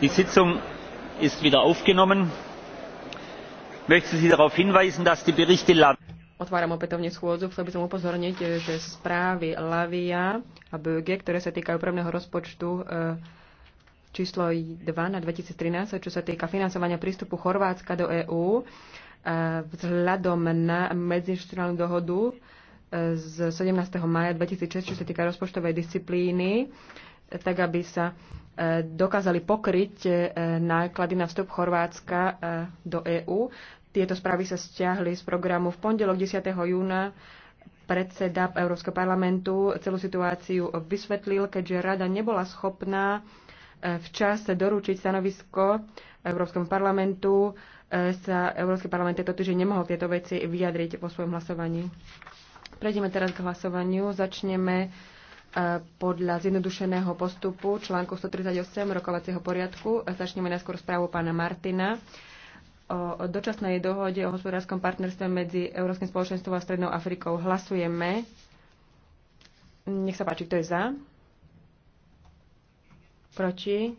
die sitzung ist wieder aufgenommen. ich möchte sie darauf hinweisen dass die berichte Otváram opätovne schôdzu. Chcel by som upozorniť, že správy Lavia a Böge, ktoré sa týkajú prvného rozpočtu eh, číslo 2 na 2013, čo sa týka financovania prístupu Chorvátska do EÚ, eh, vzhľadom na medziinstitucionálnu dohodu eh, z 17. maja 2006, čo sa týka rozpočtovej disciplíny, tak aby sa e, dokázali pokryť e, náklady na vstup Chorvátska e, do EÚ. Tieto správy sa stiahli z programu v pondelok 10. júna predseda Európskeho parlamentu celú situáciu vysvetlil, keďže rada nebola schopná včas doručiť stanovisko Európskemu parlamentu, sa Európsky parlament tento týždeň nemohol tieto veci vyjadriť vo svojom hlasovaní. Prejdeme teraz k hlasovaniu. Začneme E, podľa zjednodušeného postupu článku 138 rokovacieho poriadku. Začneme najskôr správu pána Martina o dočasnej dohode o hospodárskom partnerstve medzi Európskym spoločenstvom a Strednou Afrikou. Hlasujeme. Nech sa páči, kto je za? Proti?